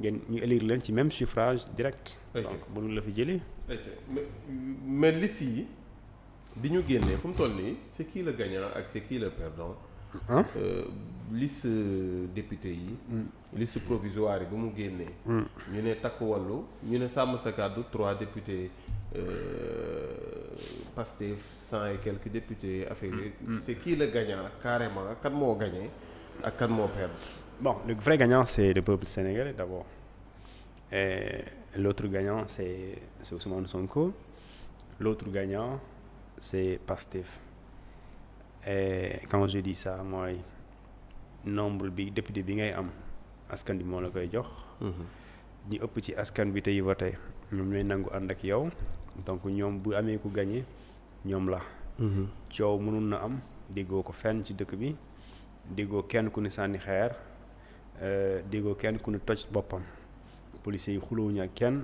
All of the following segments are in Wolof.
ngeen ñu élire leen ci même suffrage direct. donc mënul la fi jëlee. mais liste yi bi ñu génnee fu mu toll nii c'est kii le gagnant ak c'est qui le perdant. Euh, liste euh, député yi. Hmm. liste provisoire yi bu mu génnee. Hmm. ñu ne takku wallu ñu ne sàmm sa kàddu trois députés euh, Pastef cent et quelque députés affaire yi. Hmm. c'est qui le gagnant carrément kan moo gagné ak kan moo perdre. Bon, le vrai gagnant, c'est le peuple sénégalais d'abord. L'autre gagnant, c'est Ousmane Sonko. L'autre gagnant, c'est Pastef. Et quand je dis ça, mooy nombre bi député bi ngay am askan bi moo la koy jox. Mhm. ñu ëpp ci askan bi tey voté ñoom ñooy nangu ànd ak yow donc ñoom bu amee ko gagné ñoom la. Mhm. coow mënul na am déggoo ko fenn ci dëkk bi déggoo kenn ku ni sànni xeer. Euh, déggoo kenn ku ñu toj boppam policiers yi xulowuñu ak kenn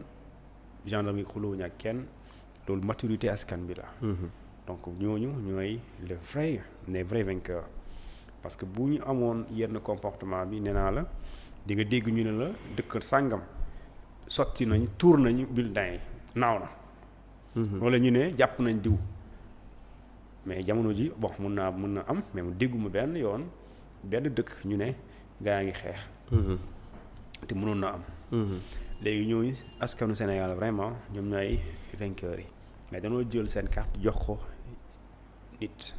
gendarme yi xulowuñu ak kenn loolu maturité askan bi la. Mhm. donc ñooñu ñooy le vrai les parce que bu ñu amoon yenn comportement bi nee naa la di nga dégg ñu ne la dëkk sàngam sotti nañ tuur nañu bulletin yi naaw na. Mhm. wala ñu ne jàpp nañ diw. mais jamono ji bon mun naa mun na am mais mu dégguma benn yoon benn dëkk ñu ne. gaa ngi xeex. Mm-hmm. te mënoon na am. Mm-hmm. léegi ñooñu askanu Sénégal vraiment ñoom ñooy vainqueurs yi mais danoo jël seen carte jox ko nit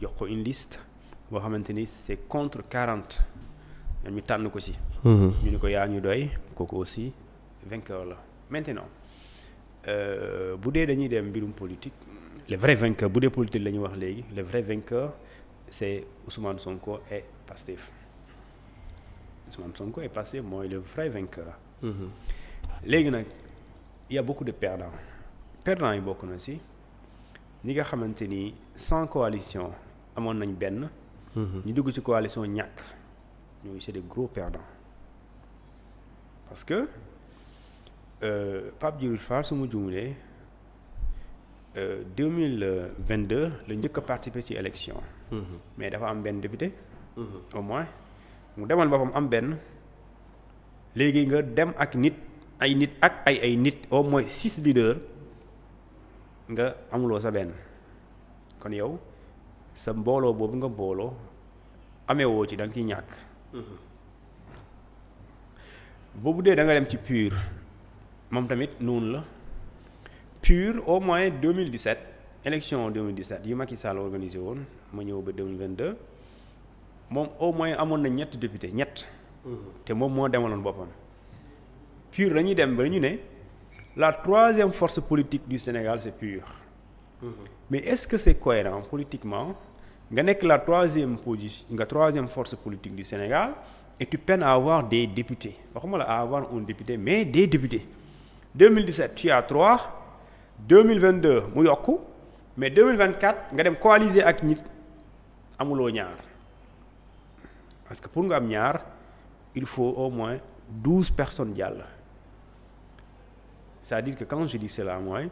jox ko une liste boo xamante ni c' est contre quarante ñoom ñu tànn ko ci. Mm-hmm. ñu ni ko yaa ñu doy kooku aussi vainqueur la maintenant euh, bu dee dañuy dem mbirum politique le vrai vainqueur bu dee politique la ñu wax léegi le vrai vainqueur c' est Ousmane Sonko et Pastef. Ousmane Sonko est passé mooy le vrai vainqueur. Mm-hmm. léegi nag il y a beaucoup de perdants perdants yi bokk na si ñi nga xamante ni sans coalition amoon nañ benn. Mm-hmm. ñu dugg ci coalition ñàkk ñooñu c'est des gros perdants parce que euh, Pape Djibril Fall su ma jumulee euh, deux mille vingt deux la njëkk a ci élection. Mm-hmm. mais dafa am benn député. au moins. mu demal boppam am benn léegi nga dem ak nit ay nit ak ay ay nit au moins six leaders nga amuloo sa benn kon yow sa mbooloo boobu nga mbooloo amewoo ci da nga ciy ñàkk mm-hmm. boobu dee da nga dem ci PUR moom tamit noonu la PUR au moins 2017 élection 2017 yi Macky Sall organisé woon ma ñëw ba vingt deux moom au moins amoon na ñetti député ñett. Mhm. te moom moo demaloon boppam. PUR dañuy dem ba ñu ne la troisième force politique du Sénégal c'est PUR. Mhm. mais est-ce que c'est cohérent politiquement nga nekk la troisième position nga troisième force politique du Sénégal et tu peines à avoir des députés waxuma la à avoir un député mais des députés. 2017 tu as 3 2022 mu yokk mais 2024 nga dem coaliser ak ñi amuloo ñaar. parce que pour nga am ñaar il faut au moins douze personnes jàll cest dire que quand je dis cela mooy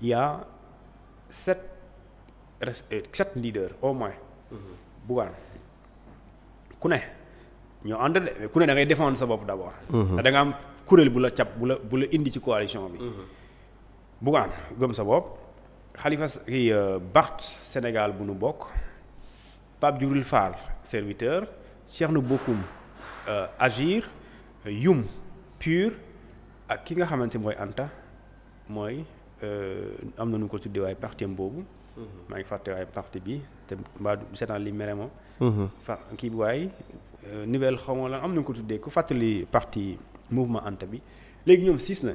il y a sept euh, sept au moins. Mhm. Bougane ku ne ñoo ànd de ku ne da ngay sa bopp d'abord. Mhm. da nga am kuréel bu la cap bu la bu la indi ci coalition bi. Mhm. Bougane gëm sa bopp Khalifa kii euh, bu nu bokk Pape Djibril Fall serviteur. Thierno Bocoum euh, Agir Youm Pur ak ki nga xamante mooy Anta mooy euh, am na nu ko tuddee waaye parti am boobu. Mhm. maa ngi fàtte waaye parti bi te mbaa seetaan li mere moom. Mhm. fa kii bi waaye euh, nouvelle xaw ma la am na ko tuddee ku fàttali parti mouvement Anta bi léegi ñoom six na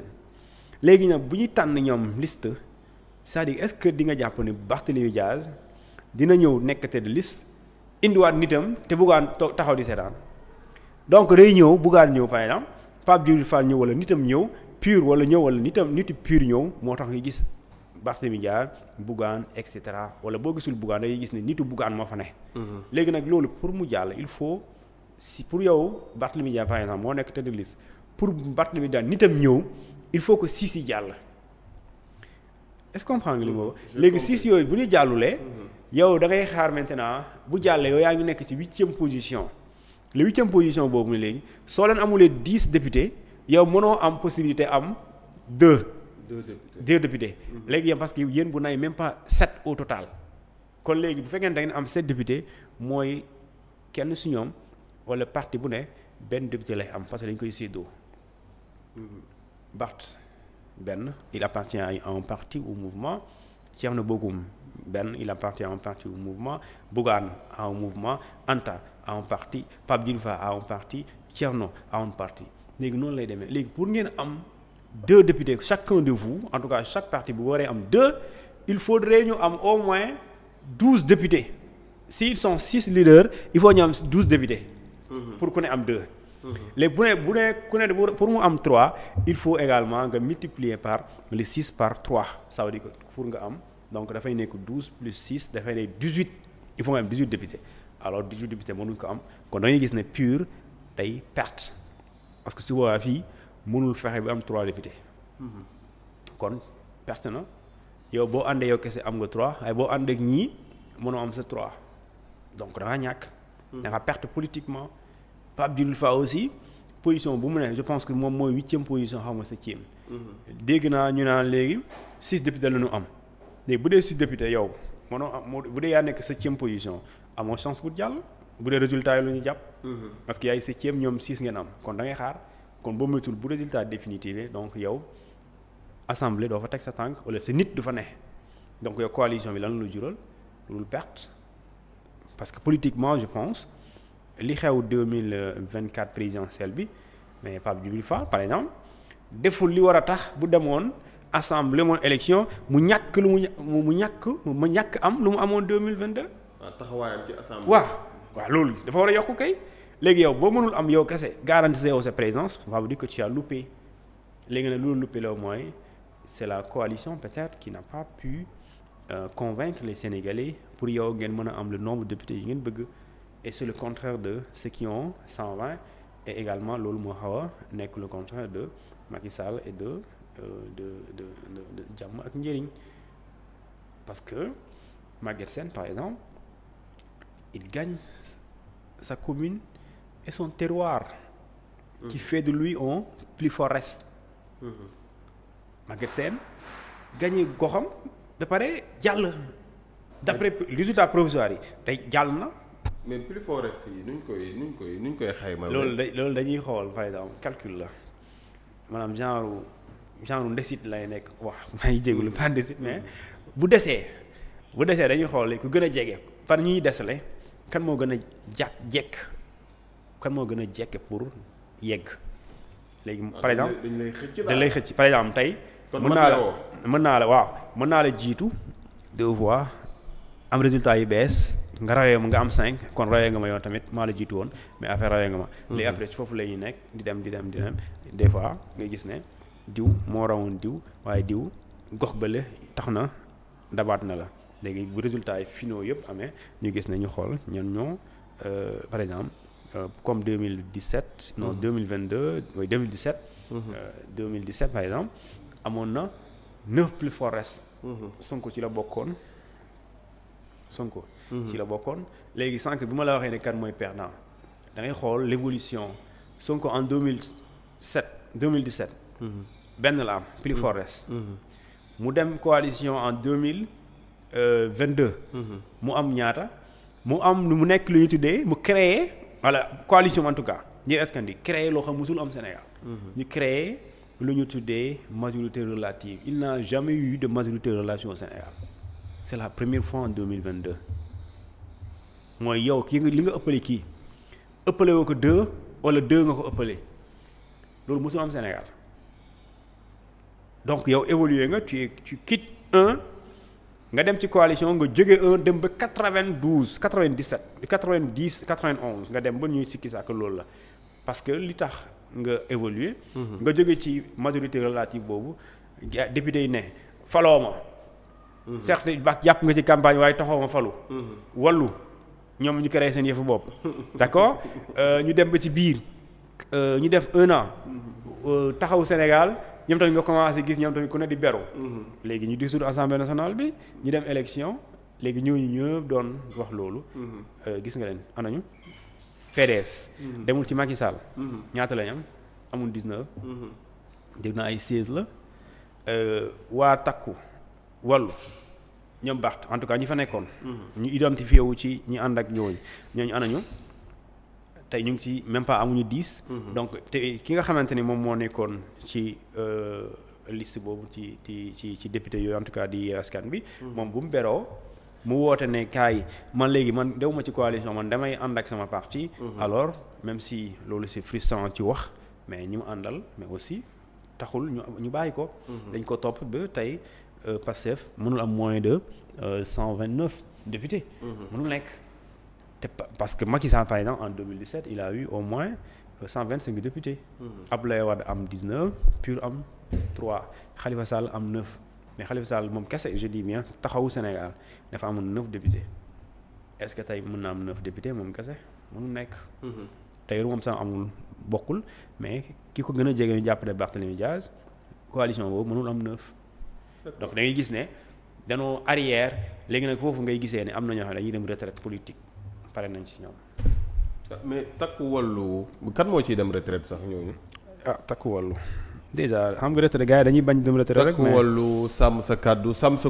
léegi nag bu ñu tànn ñoom liste c'est-à-dire est-ce que di nga jàpp ne Barthélémy Diaz dina ñëw nekk tête de liste. indiwaat nitam te buggaan to taxaw di seetaan donc day ñëw buggaan ñëw par exemple Pape Djibril Fall ñëw wala nitam ñëw pur wala ñëw wala nitam niti pur ñëw moo tax nga gis Barthélemy Dias buggaan et cetera wala boo gisul buggaan dangay gis ne nitu buggaan moo fa ne. Mhm. léegi nag loolu pour mu jàll il faut si pour yow Barthélemy Dias par exemple moo nekk tête de pour Barthélemy Dias nitam ñëw il faut que siis yi que comprendre nga li ma mhm. léegi siis yooyu bu ñu jàllulee. Mhm. yow da ngay xaar maintenant bu jàllee yow yaa ngi nekk ci huitième position le huitième position boobu léegi soo leen amulee dix députés yow mënoo am possibilité am deux. deux mhm. léegi yéen parce que yéen bu nay même pas sept au total. kon léegi bu fekkee ne da am sept députés mooy kenn su ñoom wala parti bu ne benn député lay am parce que dañ koy séddoo. Mhm. Bart benn il appartient à un parti ou mouvement Thierno Bocoum. benn il appartient en partie au mouvement Bougane en un mouvement Anta à un parti Pape Djibril à un parti Thierno à un parti léegi noonu lay demee léegi pour ngeen am deux députés chacun de vous en tout cas chaque parti bu waree am deux il faudrait ñu am au moins douze députés s'ils sont six leaders il faut ñu am douze députés. Mhm. pour ku ne am deux. Mhm. léegi bu ne bu ne ku ne pour mu am trois il faut également nga multiplier par les six par trois ça veut dire pour nga am. donc dafay nekk douze plus six dafay nekk dix huit il faut nga am dix huit députés alors dix huit députés mënuñ ko am kon dañuy gis ne pur tey perte parce que su boobaa fii mënul fexe bi am trois députés kon perte na yow boo àndee yow kese am nga trois waaye boo ànd ak ñii mënoo am sa trois donc da ñàkk. Hmm. da nga perte politiquement Pape Djibril Fall aussi position bu mu ne je pense que moom mooy huitième position xaw ma septième. Hmm. dégg naa ñu naan léegi six députés la ñu am. léegi bu dee si député yow mënoo am bu dee yaa nekk septième position amoo chance pour jàll bu dee résultat yi la ñu jàpp. Mm-hmm. parce que yaay septième ñoom six ngeen am kon da ngay xaar kon boo moytuwul bu résultat définitif donc yow assemblée doo fa teg sa tànk wala sa nit du fa ne donc yow coalition bi lan la jural loolu perte parce que politiquement je pense li xew deux mille vingt quatre présidentielle bi mais Pape Djibril Fall par exemple deful li war a tax bu demoon. assemblée moom élection mu ñàkk lu mu mu ñàkk mu ñàkk am lu mu amoon deux mille vingt deux. waaw ah, taxawaayam ci assemblée. waaw waaw loolu dafa war a yokk kay léegi yow boo mënul am yow kese garantir yow sa présence ça veut dire que tu as loupé léegi nag loolu loupé la mooy c'est la coalition peut-être qui n'a pas pu euh, convaincre les Sénégalais pour yow ngeen mën a am le nombre député yi ngeen bëgg et c'est le contraire de ceux qui ont et également loolu moo xaw a nekk le contraire de Sall et de. Euh, de de de jàmm ak njëriñ parce que Maguette seen par exemple il gagne sa commune et son terroir. Mmh. qui mm-hmm. fait de lui un plus fort reste. Mmh. Maguette Sène gagné goxam ba pare jàll. d'après résultat provisoire yi day jàll na. mais plus fort reste yi nuñ koy nuñ koy nuñ koy xayma. loolu loolu dañuy xool par exemple calcul la maanaam genre. genre ndesit lay nekk wax maa ngi jégalu pas ndesit mais bu desee bu desee dañuy xool ku gën a jege par ñuy desale kan moo gën a jàkk jekk kan moo gën a jekke pour yegg léegi ah, par exemple dañ lay xëcc par exemple tey mën naa la mën naa la waaw mën naa la jiitu deux fois am résultat yu bees nga rawee ma nga am cinq kon rawee nga ma yoon tamit maa la jiitu woon mais après rawee nga ma hmm. léegi après ci foofu la nekk di dem di dem di des fois nga gis ne diw moo rawoon diw waaye diw gox bële tax na dabaat na la léegi bu résultat yi finaux yëpp amee ñu gis ne ñu xool ñan ñoo euh, par exemple euh, comme mille 2017 non 2022 mm-hmm. oui 2017 2017 mm-hmm. euh, par exemple amoon na neuf plus forts restes mm-hmm. Sonko ci la bokkoon Sonko ci la bokkoon léegi sànq bi ma la waxee ne kan mooy perdant da ngay xool l'évolution Sonko en 2007 2017 benn la am plus mm-hmm. fort mm-hmm. mu dem coalition en deux mille vingt deux mm-hmm. mu am ñaata mu am mu nekk lu ñu tuddee mu créer walla coalition en tout cas askan di créer loo xam musul am Sénégal ñu créer lu ñu tuddee majorité relative il n'a jamais eu de majorité relation au Sénégal c'est la première fois en deux mille vingt deux mooy yow kii nga li nga ëppale kii ëppale woo ko deux wala deux nga ko ëppale loolu musul am Sénégal donc yow évoluer nga tu tu quittes un nga dem ci coalition nga jóge un dem ba 92 97 90 91 nga dem ba ñuy sikki sàkk loolu la parce que li tax nga évoluer mhm. nga jóge ci majorité relative boobu député yi ne faloo ma certes mhm. ba jàpp nga ci campagne waaye taxaw ma falu mhm. wallu ñoom ñu créé seen yëfu bopp d'accord euh, ñu dem ba ci biir euh, ñu def un an euh, taxaw Sénégal ñoom tamit nga commencé gis ñoom tamit ku ne di beru mhm. léegi ñu dissoudre assemblée nationale bi ñu dem élection léegi ñooñu ñëpp doon wax loolu mhm. euh, gis nga leen anañu PDS mhm. demul ci Macky Sall ñaata lañ amul 19 dégg na ay 16 la euh, waa takku wallu ñam baax en tout cas ñi fa nekkoon ñu identifié wu ci ñi ànd ak ñooñu ñooñu anañu tey ñu ngi ci même pas amuñu dix. Mhm. donc te ki nga xamante ni moom moo nekkoon ci euh, liste boobu ci ci ci ci député yooyu en tout cas di askan bi. Mhm. moom bu mu beroo mu woote ne kaay man léegi man dewuma ci coalition ma damay ànd ak sama parti. Mhm. alors même si loolu c'est frustrant ci wax mais ñi mu àndal mais aussi taxul ñu ñu bàyyi ko. dañ ko topp ba tey euh, Pastef mënul am moins de euh, cent vingt neuf députés. mënul nekk. te parce que Macky Sall par exemple en 2017 il a eu au moins 125 euh, députés. Hmm. Abdoulaye Wade am 19 Pur am 3 Khalifa Sall am 9 mais Khalifa Sall moom kese je dis bien taxawu Sénégal dafa amoon 9 députés est-ce que tey mun na am 9 députés moom kese mënu nekk. Hmm. tey moom sax amul bokkul mais ki ko gën a jege ñu jàppale Barthélémy Diaz coalition boobu mënul am 9. donc da ngay gis ne danoo arrière léegi nag foofu ngay gisee ne am na ñoo xam ne dañuy politique. pare nañ ci ñoom. mais takku wallu kan moo ci dem retraite sax ñooñu. ah takku wallu déjà xam nga retraite gars yi dañuy bañ dem retraite rek. mais takku wallu sàmm sa kàddu sàmm sa.